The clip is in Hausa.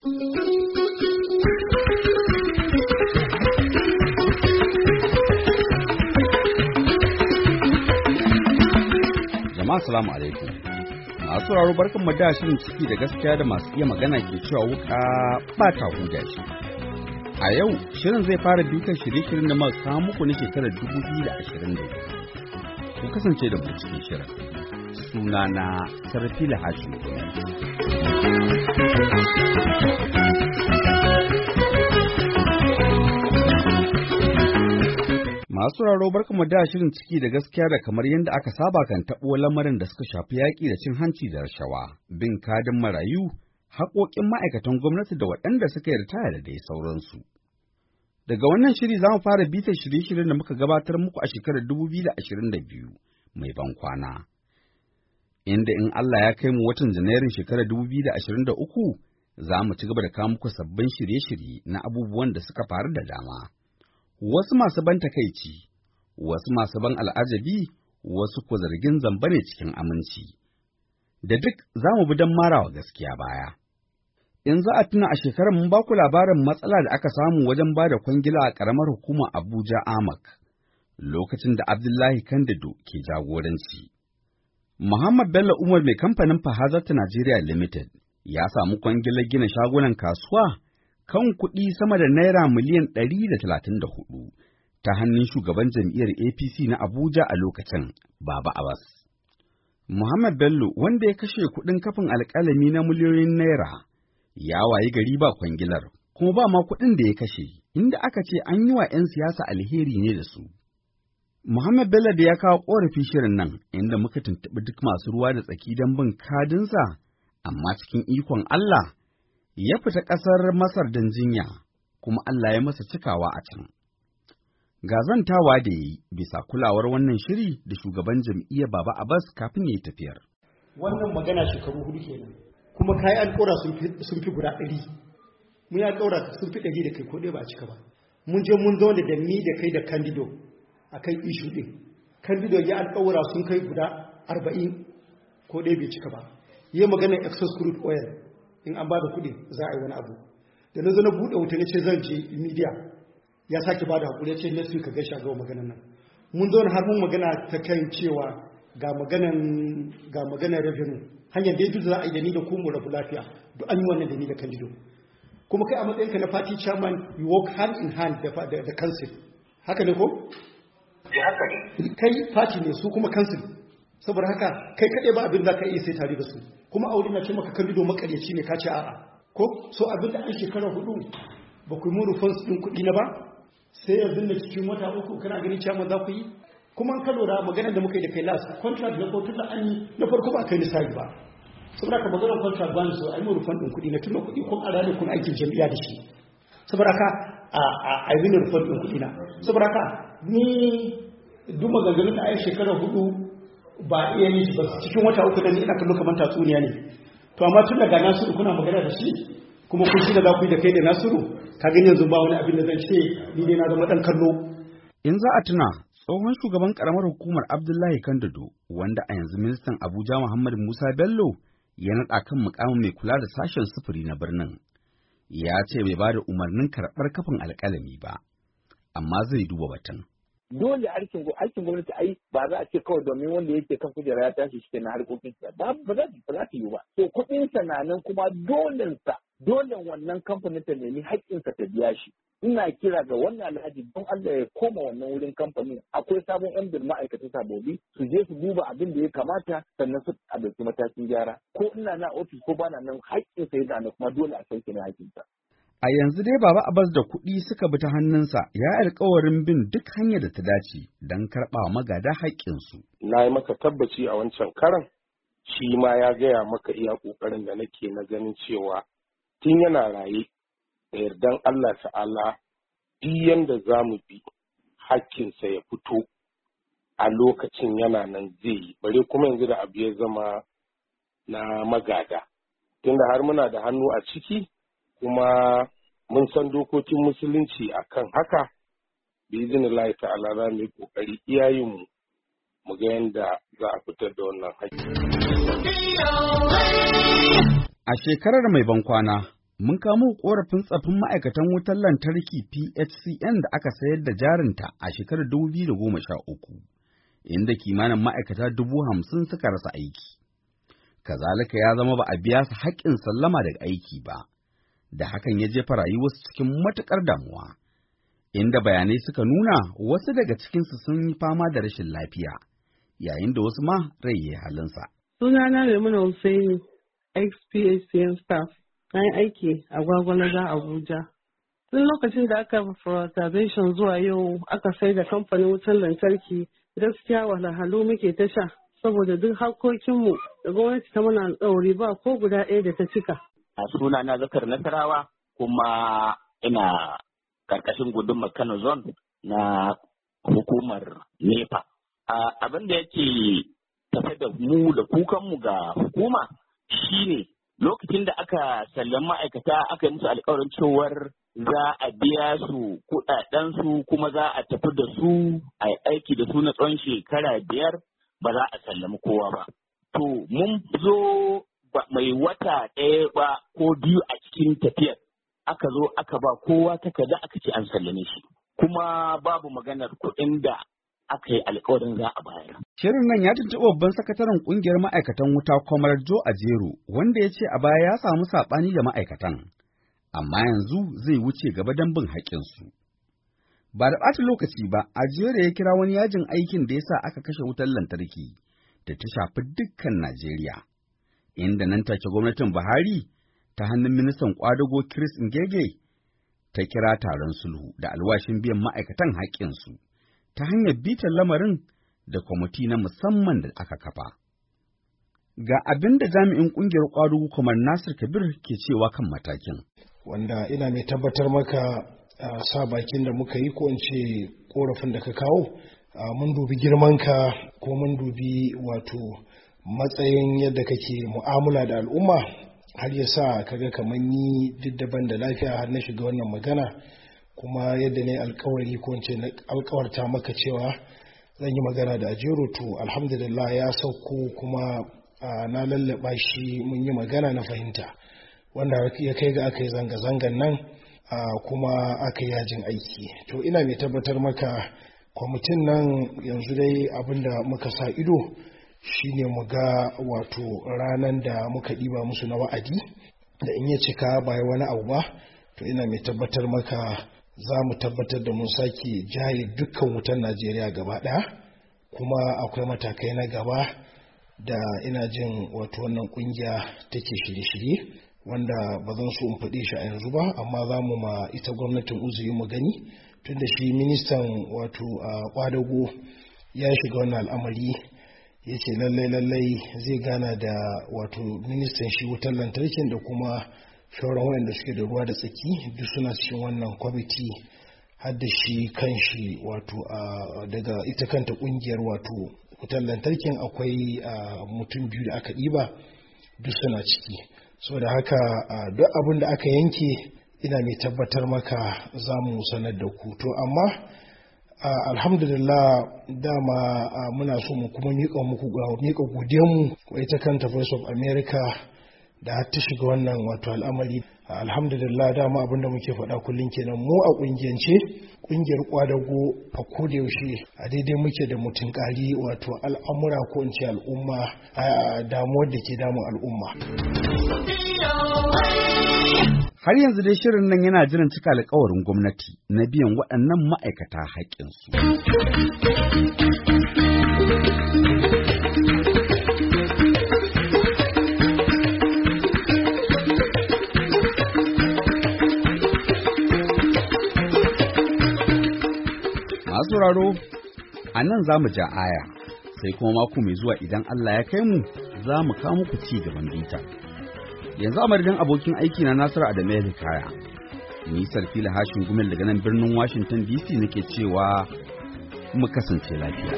Jama'a salamu alaikum. Masu sauraro barkan mu da shirin ciki da gaskiya da masu iya magana ke cewa wuka ba ta huda shi. A yau shirin zai fara dukan shirye-shiryen da muka samu muku na shekarar 2020. Ku kasance da mu cikin shirin. sunana sarfila lahaji masu raro barkamu da shirin ciki da gaskiya da kamar yadda aka saba kan taɓo lamarin da suka shafi yaƙi da cin hanci da rashawa bin kadin marayu haƙoƙin ma'aikatan gwamnati da waɗanda suka yarda da dai sauransu. Daga wannan shiri za mu fara bitar shirye-shiryen da muka gabatar muku a shekarar 2022 mai ban kwana, inda in Allah ya kai mu watan Janairun shekarar 2023 za mu ci gaba da kawo muku sabbin shirye-shirye na abubuwan da suka faru da dama. Wasu masu ban takaici, wasu masu ban al'ajabi, wasu ku zargin zamba ne cikin aminci. Da duk za mu bi don marawa gaskiya baya. In za a tuna a shekarar mun baku labarin matsala da aka samu wajen ba da kwangila a ƙaramar hukumar Abuja Amak, lokacin da Abdullahi Kandido ke jagoranci. Muhammad Bello Umar mai kamfanin ta Najeriya Limited ya samu kwangilar gina shagunan kasuwa kan kuɗi sama da naira miliyan ɗari da talatin da hudu ta hannun shugaban jam'iyyar APC na Abuja a lokacin Baba Abbas. Muhammad Bello wanda ya kashe kuɗin kafin alƙalami na miliyoyin naira ya wayi gari ba kwangilar kuma ba ma kuɗin da ya kashe inda aka ce an yi wa 'yan siyasa alheri ne da su. Muhammad Bello da ya kawo ƙorafin shirin nan inda muka tuntuɓi duk masu ruwa da tsaki don bin kadinsa, amma cikin ikon Allah ya fita ƙasar Masar don jinya, kuma Allah ya masa cikawa a can. Ga zantawa da ya yi bisa kulawar wannan shiri da shugaban jam'iyyar Baba Abbas kafin ya yi tafiyar. Wannan magana shekaru hudu kenan, kuma kayan ƙora sun fi guda ɗari. Mun yi ƙora sun fi ɗari da kai ko ɗaya ba a cika ba. Mun je mun zauna da ni da kai da Kandido. a kan ishu ɗin kandidoji ya ɗaura sun kai guda arba'in ko ɗaya bai cika ba yi magana excess crude oil in an ba da kuɗi za a yi wani abu da na zo buɗe wuta na ce zan je media ya sake ba da haƙuri ya ce na suka ka a ga maganan nan mun zo har mun magana ta kan cewa ga maganar ga hanyar da yadda za a yi da ni da kuma rafi lafiya duk an yi wannan da ni da kandido kuma kai a matsayinka na Fati chairman you work hand in hand da da council haka ne ko Eh, kai fati ne su kuma kansil saboda haka kai kaɗai ba abin da ka iya sai tare da su kuma a wurin na ce maka kandido makaryaci ne ka ce a'a ko so abin da an shekara hudu ba ku yi mu rufon ɗin kuɗi na ba sai yanzu na cikin wata uku kana ganin cewa za ku yi kuma an kalora maganar da muka yi da kai las contract na kotu da an na farko ba kai misali ba saboda ka maganar contract ba so ai mu rufon ɗin kuɗi na tun da kuɗi kun ara ne kun aikin jami'a da shi saboda ka a a rufon ɗin kuɗi na saboda ka ni duk maganganun da ai shekara hudu ba iya yi ba cikin wata uku da ni ina kallon kamar tatsuniya ne to amma tun daga nasiru kuna magana da shi kuma kun shi da ku da kai da nasiru ka gani yanzu ba wani abin da zan ce ni dai na zama dan kallo in za a tuna tsohon shugaban karamar hukumar abdullahi kandado wanda a yanzu ministan abuja muhammad musa bello ya naɗa kan mukamin mai kula da sashen sufuri na birnin ya ce bai ba da umarnin karɓar kafin alƙalami ba amma zai duba batun dole aikin aikin gwamnati ai ba za a ce kawai domin wanda yake kan kujera ya tashi shi na harkokin sa ba ba za ta yi ba to kuɗin sa na nan kuma dolen sa dole wannan kamfanin ta nemi haƙƙin sa ta biya shi ina kira ga wannan alhaji don Allah ya koma wannan wurin kamfanin akwai sabon yan birma aikata sabobi su je su duba abin da ya kamata sannan su a matakin gyara ko ina na ofis ko bana nan haƙƙin sa na kuma dole a sauke na haƙƙin sa A yanzu dai Baba Abbas da kuɗi suka bi ta hannunsa ya alkawarin bin duk hanyar da ta dace don karɓa magada haƙƙinsu. Na yi maka tabbaci a wancan karan, shi ma ya gaya maka iya ƙoƙarin da nake na ganin cewa tun yana raye da yardan Allah ta'ala duk yanda za mu bi haƙƙinsa ya fito a lokacin yana nan zai yi bare kuma yanzu da abu ya zama na magada tunda har muna da hannu a ciki kuma mun san dokokin musulunci a kan haka bizinillahi lai ta alara mai kokari iyayenmu mu ga yadda za a fitar da wannan haƙƙi. A shekarar mai ban kwana mun kamo korafin tsafin ma'aikatan wutar lantarki PHCN da aka sayar da jarinta a shekarar 2013, inda kimanin ma'aikata dubu hamsin suka rasa aiki. Kazalika ya zama ba a biya su haƙƙin sallama daga aiki ba, da hakan ya jefa rayuwarsu cikin matuƙar damuwa, inda bayanai suka nuna wasu daga cikinsu sun yi fama da rashin lafiya, yayin da wasu ma rai ya halinsa. Sunana Maimuna Hussaini, XPHCN staff, na aiki a Gwagwalaga Abuja. Tun lokacin da aka privatization zuwa yau aka sai da kamfanin wutar lantarki gaskiya wahalhalu muke tasha. saboda duk harkokinmu da gwamnati ta mana tsauri ba ko guda ɗaya da ta cika. a suna na zakar nasarawa kuma ina karkashin gudun kano zone na hukumar nepa abin da yake tafe da mu da kukanmu ga hukuma shi ne lokacin da aka sallan ma'aikata aka yi musu alkawarin cewar za a biya su kudadensu kuma za a tafi da su a aiki da su na tsawon shekara biyar ba za a sallami kowa ba. To mun zo mai wata ɗaya ba ko biyu a cikin tafiyar aka zo aka ba kowa takarda aka ce an sallame shi kuma babu maganar kuɗin da aka yi alkawarin za a bayar. Shirin nan ya tuntuɓi babban sakataren ƙungiyar ma'aikatan wuta kwamar Jo a Ajeru wanda ya ce a baya ya samu saɓani da ma'aikatan, amma yanzu zai wuce gaba don bin haƙƙinsu. Ba da ɓata lokaci ba, Ajere ya kira wani yajin aikin da ya sa aka kashe wutar lantarki da ta shafi dukkan Najeriya. inda nan take gwamnatin Buhari ta hannun ministan ƙwadago Chris Ngege ta kira taron sulhu da alwashin biyan ma'aikatan haƙƙinsu ta hanyar bitar lamarin da kwamiti na musamman da aka kafa. Ga abin da jami'in ƙungiyar ƙwadago kamar Nasir Kabir ke cewa kan matakin. Wanda ina mai tabbatar maka sa bakin da muka yi ko in ce korafin da ka kawo mun dubi girmanka ko mun dubi wato matsayin yadda kake mu'amula da al'umma har ya sa kaga kamar ni duk daban da lafiya har na shiga wannan magana kuma yadda ne alkawari ko ce na alkawarta maka cewa zan yi magana da ajiyar to alhamdulillah ya sauko kuma na lallaba shi mun yi magana na fahimta wanda ya kai ga aka yi zanga-zangan nan kuma aka yi yajin aiki to ina mai tabbatar maka kwamitin nan yanzu dai abinda muka sa ido shine mu ga wato ranar da muka ɗiba musu na wa'adi da in ya cika bai wani abu ba to ina mai tabbatar maka za mu tabbatar da mun sake jaye dukkan wutan najeriya gaba ɗaya kuma akwai matakai na gaba da ina jin wato wannan kungiya take shirye-shirye wanda ba zan so in faɗi shi a yanzu ba amma za mu ma ita gwamnatin uzuri mu gani tunda shi ministan wato a ya shiga wannan al'amari ya ce lallai lallai zai gana da wato ministan shi wutar lantarkin da kuma shauran wayanda suke da ruwa da tsaki duk suna cikin wannan kwamiti har da shi kan shi wato daga ita kanta kungiyar wato wutar lantarkin akwai mutum biyu da aka ɗiba duk suna ciki so da haka duk abin da aka yanke ina mai tabbatar maka za mu sanar da ku to amma alhamdulillah dama muna so mu kuma miƙa muku miƙa godiyanmu ita kanta voice of america da ta shiga wannan wato al'amari alhamdulillah dama abinda muke faɗa kullum kenan mu a ƙungiyance ƙungiyar kwadago a kodayaushe a daidai muke da mutum ƙari wato al'amura ko in ce al'umma a damuwar da ke damun al'umma Har yanzu dai shirin nan yana jiran cika alkawarin gwamnati na biyan waɗannan ma'aikata haƙƙinsu. Masu raro, a nan za mu ja aya, sai kuma mako mai zuwa idan Allah ya kai mu za mu kawo muku ci gaban bitar. yanzu a abokin aiki na Nasiru Adamu ya kaya. Ni Sarfila Hashin Gumel daga nan birnin Washington DC nake cewa mu kasance lafiya.